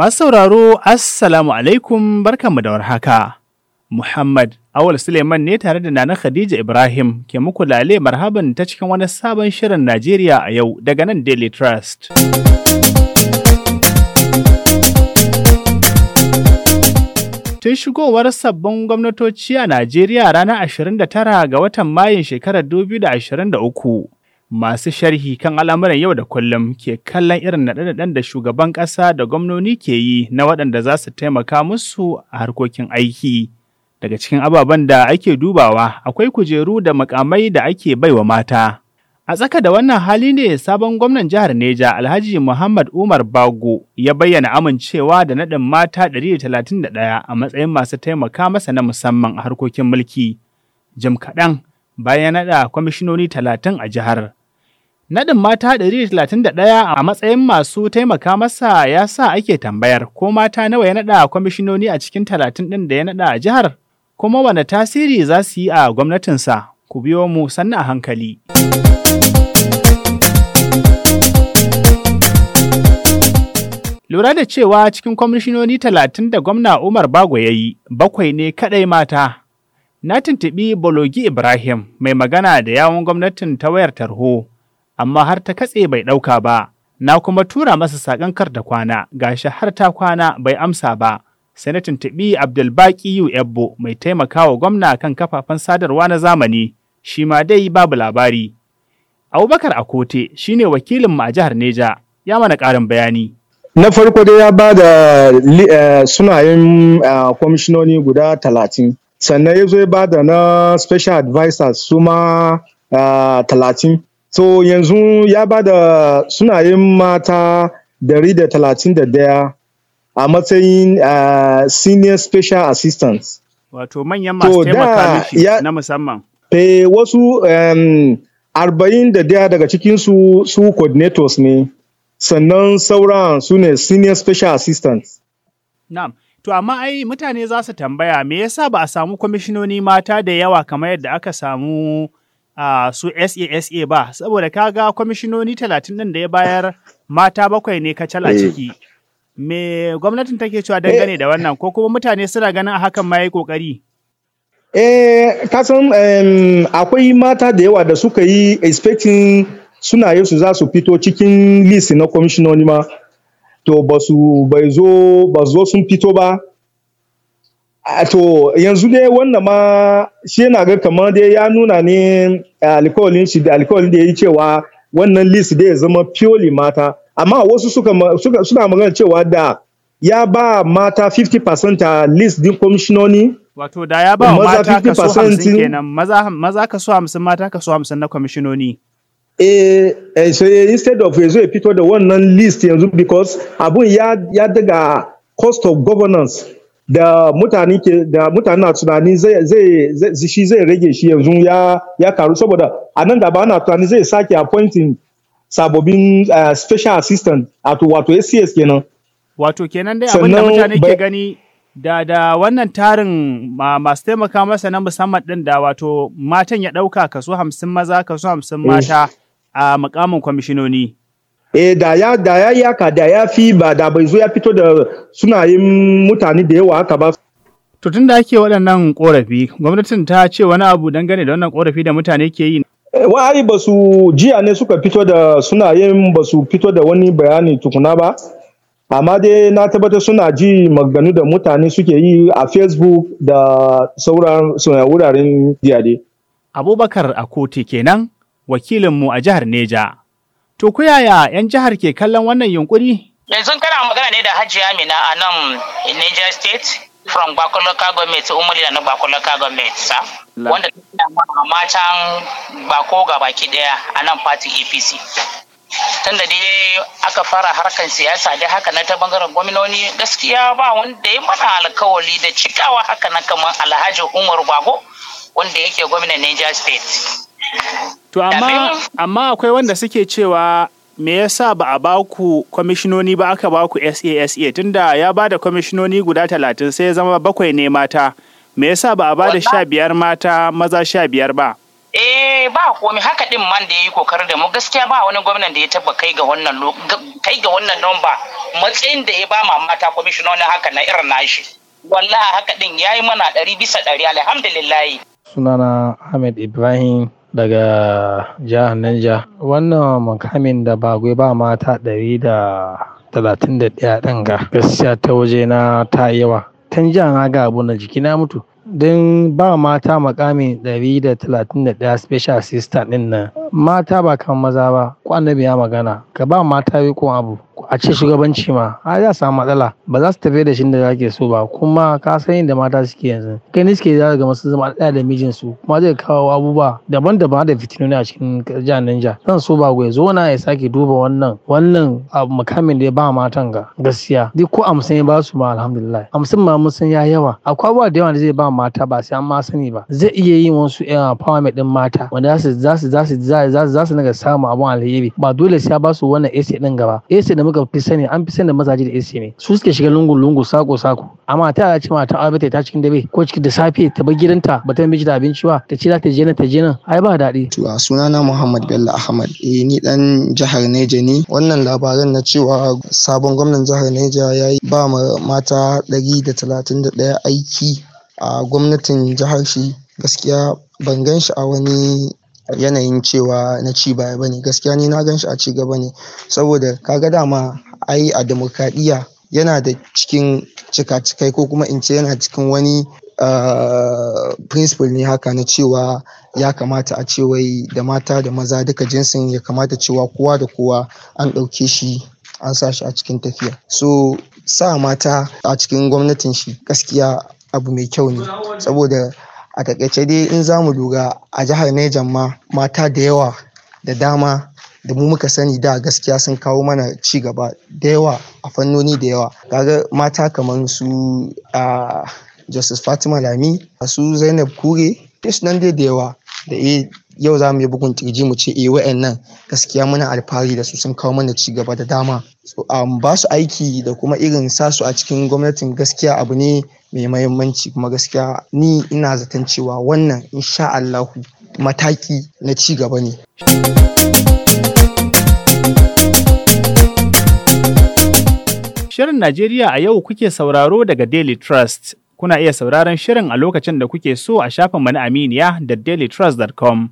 Masu sauraro, Assalamu alaikum barkanmu da warhaka. Muhammad Awal Suleiman ne tare da Nana Khadija Ibrahim ke muku lale marhaban ta cikin wani sabon shirin Najeriya a yau daga nan Daily Trust. Tun shigowar sabbin gwamnatoci a Najeriya ranar 29 ga watan Mayun shekarar 2023. masu sharhi kan al'amuran yau da kullum ke kallon irin naɗe da shugaban ƙasa da gwamnoni ke yi na waɗanda za su taimaka musu a harkokin aiki. Daga cikin ababen da ake dubawa akwai kujeru da makamai da ake baiwa mata. A tsaka da wannan hali ne sabon gwamnan jihar Neja Alhaji Muhammad Umar Bago ya bayyana amincewa da naɗin mata 131 a matsayin masu taimaka masa na musamman a harkokin mulki. Jim kaɗan bayan naɗa kwamishinoni talatin a jihar. Nadin mata 131 a matsayin masu taimaka masa ya sa ake tambayar ko mata nawa ya naɗa kwamishinoni a cikin 30 ɗin da ya naɗa a jihar, kuma wane tasiri za su yi a gwamnatinsa ku biyo mu sannu a hankali. Lura da cewa cikin kwamishinoni 30 da gwamna Umar Bago ya yi, bakwai ne kaɗai mata. Na tuntuɓi Bologi Ibrahim mai magana da yawon gwamnatin ta wayar tarho. amma har ta katse bai ɗauka ba, na kuma tura masa saƙon kar da kwana, ga shi har ta kwana bai amsa ba. Senatin tabi Abdulbaki Yu Ebbo mai taimakawa gwamna kan kafafen sadarwa na zamani, shi ma dai babu labari. Abubakar Akote shi ne wakilinmu a jihar Neja, ya mana ƙarin bayani. Na farko dai ya ba da eh, sunayen eh, kwamishinoni guda talatin, sannan ya zo ya ba da na special advisors su ma eh, talatin. So yanzu ya ba da sunayen mata dari da talatin da daya a matsayin senior special assistant. Wato manyan masu taimaka mishi na musamman. pe wasu arba'in da daya daga cikinsu su coordinators ne, sannan sauran su ne senior special assistant Na'am. To amma ai mutane za su tambaya me yasa ba a samu kwamishinoni mata da yawa kamar yadda aka samu a su SASA ba saboda kaga kwamishinoni talatin ɗin da ya bayar mata bakwai ne kacal a eh. ciki. Me gwamnatin take cewa dangane da eh. wannan ko kuma mutane suna ganin a hakan ma yi kokari? Eh, kasan akwai mata da yawa da suka yi expecting sunaye su za su fito cikin list na kwamishinoni ma. To ba su bai zo ba zo sun fito ba to yanzu dai wannan ma shi yana ga kamar dai ya nuna ne eh, alkawalin shi da alkawalin da ya yi cewa wannan list dai ya zama purely mata amma wasu suka, suka suna magana cewa da ya ba mata 50% a list din kwamishinoni wato da ya ba wa mata kaso 50 kenan maza maza kaso 50 mata kaso 50 na kwamishinoni eh, eh so eh, instead of yanzu ya fito da wannan list yanzu because abun ya ya daga cost of governance da mutane ke da mutane na tunani zai zai shi zai rage shi yanzu ya ya karu saboda a nan gaba ana tunani zai sake appointing sabobin uh, special assistant at wato SCS kenan wato kenan dai abinda mutane ke gani da da wannan tarin masu taimaka masa na musamman din da wato matan ya dauka kaso 50 maza kaso 50 mata eh. a mukamin kwamishinoni eh da ya da ya yi da ya fi ba da bai zo ya fito da sunayen mutane da yawa haka ba to tun ake waɗannan korafi gwamnatin ta ce wani abu dangane da wannan korafi da mutane ke yi eh, wai ba su jiya ne suka fito da sunayen ba su fito da wani bayani tukuna ba amma dai na tabbatar suna ji maganu da mutane suke yi a facebook da sauran wuraren jiya dai abubakar akoti kenan wakilinmu a jihar neja To ku yaya 'yan jihar ke kallon wannan yunkuri? Yanzu kana magana ne da Hajiya Amina a nan Niger State from Bakun Local Government, Umar na Bakun Local Government, sa. Wanda ta matan Bako ga baki daya a nan fati APC. tunda dai aka fara harkar siyasa dai haka na ta bangaren gwamnoni gaskiya ba wanda ya mana alkawali da cikawa haka na kamar alhaji umar bago wanda yake gwamnan niger state To amma akwai wanda suke cewa me yasa ba a ba ku kwamishinoni ba aka ba ku SASA tunda ya ba da kwamishinoni guda talatin sai ya zama bakwai ne mata. Me yasa ba a ba da sha biyar mata maza sha biyar ba? Eh ba komai haka din man da ya yi kokarin da mu gaskiya ba wani gwamnan da ya taba kai ga wannan kai ga wannan nomba matsayin da ya ba ma mata kwamishinoni haka na irin nashi. Wallahi haka din yayi mana ɗari bisa ɗari alhamdulillahi. Sunana Ahmed Ibrahim daga jihar Niger. Wannan mukamin da ba Bagwai ba mata ɗari da talatin da ɗaya ɗin ga gaskiya ta waje na ta yawa. Tun ji na ga abu na jiki na mutu. Don ba mata makamin ɗari da talatin da ɗaya special assistant ɗin nan. Mata ba kan maza ba, Kwanan biya magana, ka ba mata kun abu. a ce shugabanci ma a za samu matsala ba za su tafi da shi da ke so ba kuma ka san yadda mata suke yanzu kai ne suke zaga masu zama ɗaya da su. kuma zai kawo abubuwa daban-daban da fitinoni a cikin jihar Niger zan so ba gwai zo na ya sake duba wannan wannan makamin da ya ba matan ga gaskiya duk ko amsan ya ba su ma alhamdulillah amsan ma mun san ya yawa akwai abubuwa da yawa da zai ba mata ba sai an ma sani ba zai iya yin wasu eh, empowerment din mata wanda za su za su za su za su za su samu abun alheri ba dole sai ba su wannan AC din gaba AC da muka fi sani an fi sani mazaje da AC ne su suke shiga lungu lungu sako sako amma ta ya ce mata arbita ta ta cikin dabe ko cikin da safe ta bar gidanta ba ta miji da abinci ba ta ce za ta je nan ta je nan ai ba daɗi. to a sunana Muhammad Bello Ahmad eh ni dan jihar Neja ne wannan labarin na cewa sabon gwamnan jihar Neja ya yi ba mata ɗari da ɗaya aiki a gwamnatin jihar shi gaskiya ban gan shi a wani yanayin cewa na ci baya bane gaskiya ni na gan shi a ci gaba ne saboda kaga dama ai a demokradiyya yana da cikin cika ko kuma in ce yana cikin wani uh, principle ne haka na cewa ya kamata a ce wai da mata da maza duka jinsin ya kamata cewa kowa da kowa an ɗauke shi an sa shi a cikin tafiya so sa mata a cikin gwamnatin shi gaskiya abu mai kyau ne saboda a takaice dai in za mu lura a jihar neja ma mata da yawa da dama da mu muka sani da gaskiya sun kawo mana ci gaba da yawa a fannoni da yawa kaga mata kamar su a ah, Justice Fatima Lami su Zainab Kure test nan dai da yawa da eh yau za mu yi bugun kirji mu ce eh wa'annan gaskiya muna alfahari da su sun kawo mana ci gaba da dama um, ba su aiki da kuma irin sa su a cikin gwamnatin gaskiya abu ne mai mahimmanci kuma gaskiya ni ina zaton cewa wannan insha Allah mataki na ci gaba ne. Shirin Najeriya a yau kuke sauraro daga Daily Trust. Kuna iya sauraron shirin a lokacin da kuke so a shafin mana Aminiya da dailytrust.com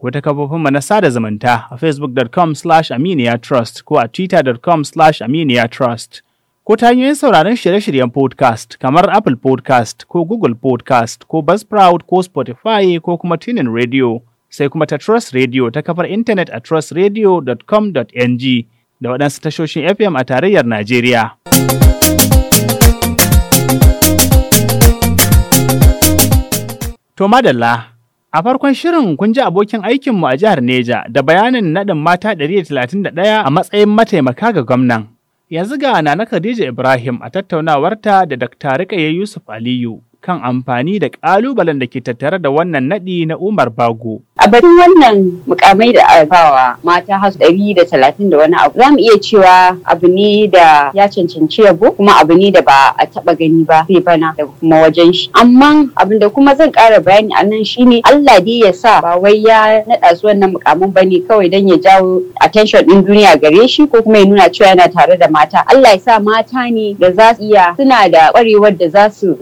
ko ta kafofin mana sada zumunta a facebook.com slash aminiyatrust ko a twitter.com slash aminiyatrust ko ta hanyoyin sauraron shirye-shiryen podcast kamar Apple podcast ko Google podcast ko Buzzsprout ko Spotify ko kuma Tunin Radio sai kuma ta Trust Radio ta kafar intanet a trustradio.com.ng da waɗansu tashoshin FM a tarayyar Najeriya. To madalla, a farkon shirin kun ji abokin aikinmu a jihar Neja da bayanin naɗin mata 131 a matsayin mataimaka ga gwamnan. Yanzu ga Nana Khadija Ibrahim a tattaunawarta da Dr. Rikaye Yusuf Aliyu. kan amfani da ƙalubalen da ke tattare da wannan naɗi na Umar Bago. A batun wannan mukamai da albawa mata hasu ɗari da talatin da wani abu za mu iya cewa abu ne da ya cancanci yabo kuma abu ne da ba a taɓa gani ba zai bana da kuma wajen shi. Amma abin da kuma zan ƙara bayani a nan shi ne, Allah dai ya sa ba wai ya naɗa su wannan mukamin ba ne kawai don ya jawo attention ɗin duniya gare shi ko kuma ya nuna cewa yana tare da mata. Allah ya sa mata ne da za su iya suna da ƙwarewar da za su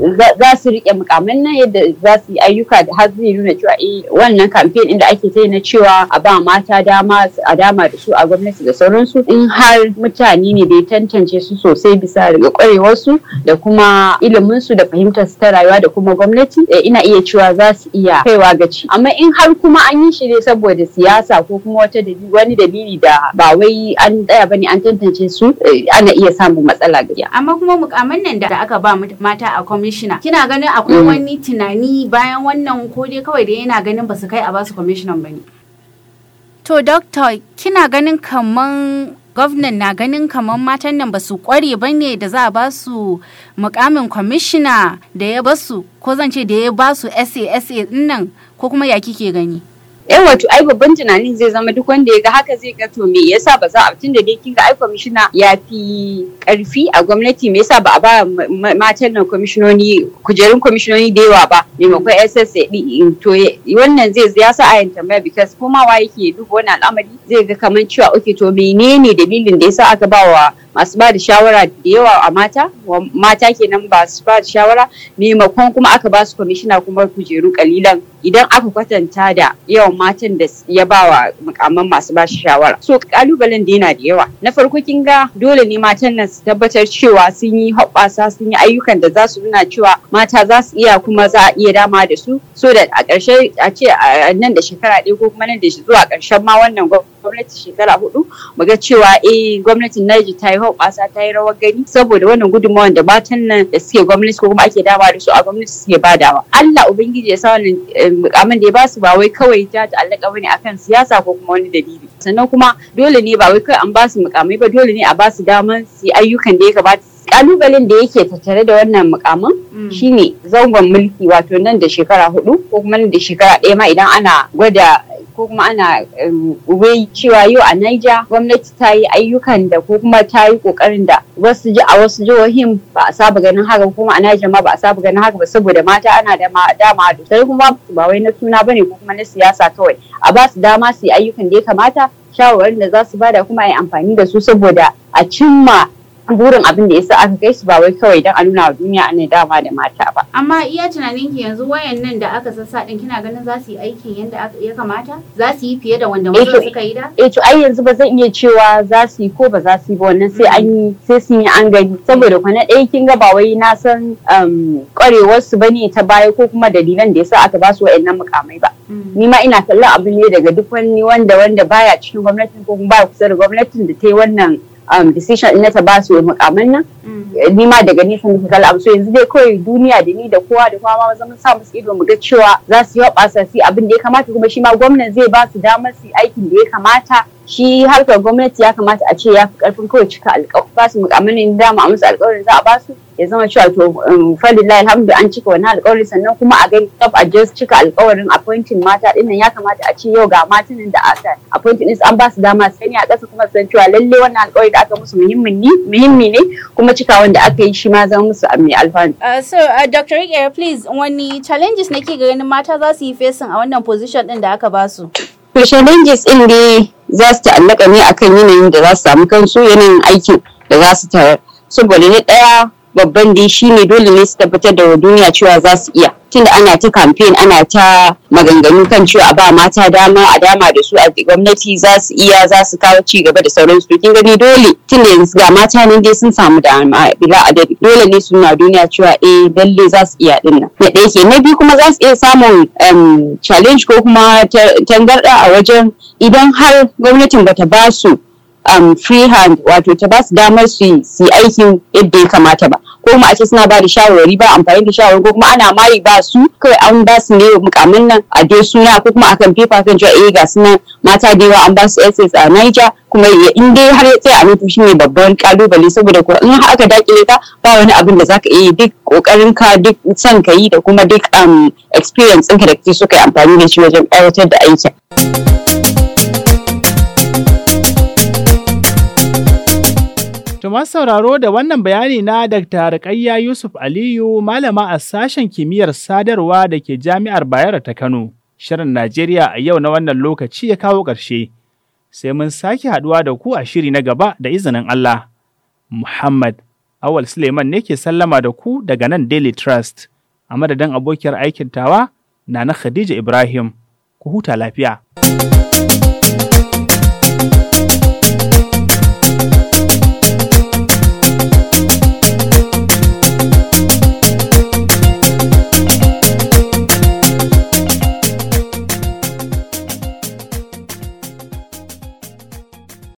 rike mukamin nan yadda za su yi ayyuka da har zai nuna cewa eh wannan kamfen din da ake ta na cewa a ba mata dama a dama da su a gwamnati da sauransu in har mutane ne da tantance su sosai bisa daga su, da kuma iliminsu da fahimtar su ta rayuwa da kuma gwamnati eh, ina iya cewa za su iya kaiwa ga ci. amma in har kuma an yi shi ne saboda siyasa ko kuma wata wani dalili da ba wai an tsaya bane an tantance su eh, ana iya samun matsala gari amma kuma mukamin nan da aka ba mata a kwamishina kina ganin ganin akwai mm. wani tunani bayan wannan ko dai kawai da yana ganin ba su kai a basu commissioner ba ne. To, Dokta, kina ganin kaman gwamnan na ganin kaman matan nan ba su kware ba ne da za a ba su mukamin kwamishina da ya basu ko zan ce da ya ba su SASA nan ko kuma ya kike gani? yan eh, wato ai babban tunanin zai zama duk wanda ya ga haka zai ga to me yasa ba za a tun da dai kinga ai kwamishina ya fi karfi a gwamnati me yasa ba a ba matan nan kwamishinoni kujerun kwamishinoni da yawa ba maimakon SSA din to wannan zai ya sa a tambaya because komawa yake duk wani al'amari zai ga kamar cewa okay to menene dalilin da yasa aka ba wa masu ba da shawara da yawa a mata mata kenan ba su ba da shawara maimakon kuma aka ba su kwamishina kuma kujeru kalilan idan aka kwatanta da yawan matan da ya ba wa mukamman masu ba shawara so kalubalen da yana da yawa na farko kin ga dole ne matan nan su tabbatar cewa sun yi hoɓɓasa sun yi ayyukan da za su nuna cewa mata za su iya kuma za a iya dama da su so da a ƙarshe a ce nan da shekara ɗaya ko kuma nan da zuwa ƙarshen ma wannan gwamnati gwamnati shekara hudu mu ga cewa eh gwamnatin Niger ta yi hoɓasa ta yi rawar gani saboda wannan gudunmawar da matan nan da suke gwamnati ko kuma ake dama da su a gwamnati suke badawa. Allah ubangiji ya sa wannan eh, mukamin da ya basu ba wai kawai ta ta'allaka bane akan siyasa ko kuma wani dalili. Sannan kuma dole ne ba wai kawai an basu mukamai ba dole ne a basu daman su ayyukan da ya kamata kalubalen da yake tattare da wannan mukamin mm. shine zangon mulki wato nan da shekara hudu ko kuma nan da shekara ɗaya ma idan ana gwada ko kuma ana wai cewa yau a Niger gwamnati ta yi ayyukan da ko kuma ta yi kokarin da wasu ji a wasu jihohin ba a saba ganin haka kuma a Niger ma ba a saba ganin haka ba saboda mata ana da dama da sai kuma ba wai na suna bane ko kuma na siyasa kawai a ba su dama su yi ayyukan da ya kamata shawarwarin da za su bada kuma a yi amfani da su saboda a cimma burin abin da ya sa aka kai su ba wai kawai don a nuna wa duniya ana dama da mata ba. Amma iya tunanin ki yanzu wayan nan da aka sassa din kina ganin za su yi aikin yadda ya kamata? Za su yi fiye da wanda eh, mutum suka yi da? Eh to ai yanzu ba zan iya cewa za su yi ko ba za su yi ba wannan sai an yi mm. sai sun yi an gani saboda kwana ɗaya kin ga ba wai na san kwarewar um, su bane ta baya ko kuma dalilan da ya sa aka ba su wayannan mukamai ba. Mm. Ni ma ina kallon abu ne daga duk wani wanda wanda baya cikin gwamnatin ko kuma baya kusa da gwamnatin da ta yi wannan um, decision ina ta ba su mukamman nan mm. ni ma daga nisan da kala abu so yanzu dai kawai duniya da ni da kowa da kowa ma zama sa musu ido mu ga cewa za su yi hoɓasa su abin da ya kamata kuma shi ma gwamnan zai ba su damar su yi aikin da ya kamata shi harkar gwamnati ya kamata a ce ya fi karfin kawai cika alƙawarin ba su dama a musu alƙawarin za a ba su ya zama cewa to um, fadila alhamdu an cika wani alƙawarin sannan kuma a gani top adjust cika alkawarin appointing mata din ya kamata a ce yau ga matan da aka appointing din an ba su dama sai ne a ƙasa kuma san cewa lalle wannan alƙawari da aka musu muhimmin ne muhimmi ne kuma cika wanda aka yi shi ma zama musu um, mai alfanu. Uh, so uh, Dr. Rigar please wani challenges nake ga ganin mata za su yi facing a wannan position din da aka basu. su. To challenges din dai za su ta'allaka ne akan yanayin da za su samu kansu yanayin aikin da za su tarar saboda na ɗaya babban dai shine dole ne su tabbatar da duniya cewa za su iya tunda ana ta campaign ana ta maganganu kan cewa ba mata dama a dama da su a gwamnati za su iya za su kawo ci gaba da sauransu kin gani dole tunda yanzu ga mata ne dai sun samu dama bila dole ne suna duniya cewa eh lalle za su iya nan. na ɗaya ke na biyu kuma za su iya samun challenge ko kuma tangarɗa a wajen idan har gwamnatin bata ba su um, free hand wato ta ba su damar su yi aikin yadda ya kamata ba ko kuma a suna ba da shawarwari ba amfani da shawarwari ko kuma ana mari ba su kai an ba su ne mukamin nan a je suna ko kuma akan paper kan cewa eh ga su mata da yawa an ba su SS a Niger kuma in dai har ya tsaya a shi ne babban kalubale saboda ko in har aka dakile ka ba wani abin da zaka iya duk kokarin ka duk san ka yi da kuma duk um, experience ɗinka da kake so kai amfani da shi wajen aiwatar da aikin. masu sauraro da wannan bayani na Dr. Rukayya Yusuf Aliyu malama a sashen kimiyyar sadarwa da ke Jami'ar Bayero ta Kano. Shirin Najeriya a yau na wannan lokaci ya kawo ƙarshe. Sai mun sake haɗuwa da ku a shiri na gaba da izinin Allah. Muhammad Awal Suleiman ne ke sallama da ku daga nan Daily Trust. A madadin abokiyar aikin tawa na na Khadija Ibrahim. Ku huta lafiya.